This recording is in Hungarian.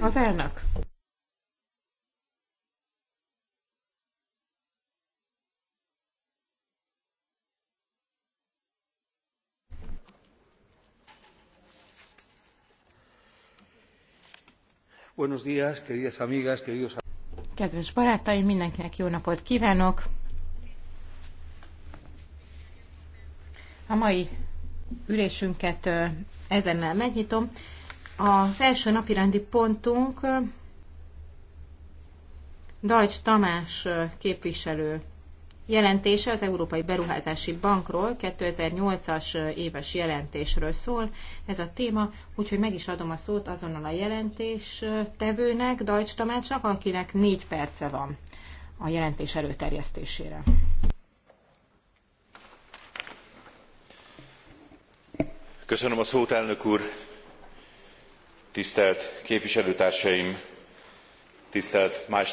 Az elnök. Buenos días, queridas amigas, queridos Kedves barátaim, mindenkinek jó napot kívánok! A mai ülésünket ezennel megnyitom. A első napirendi pontunk Dajcs Tamás képviselő jelentése az Európai Beruházási Bankról 2008-as éves jelentésről szól ez a téma, úgyhogy meg is adom a szót azonnal a jelentés tevőnek, Dajcs Tamácsnak, akinek négy perce van a jelentés előterjesztésére. elnök úr tisztelt képviselőtársaim tisztelt maestro asszony!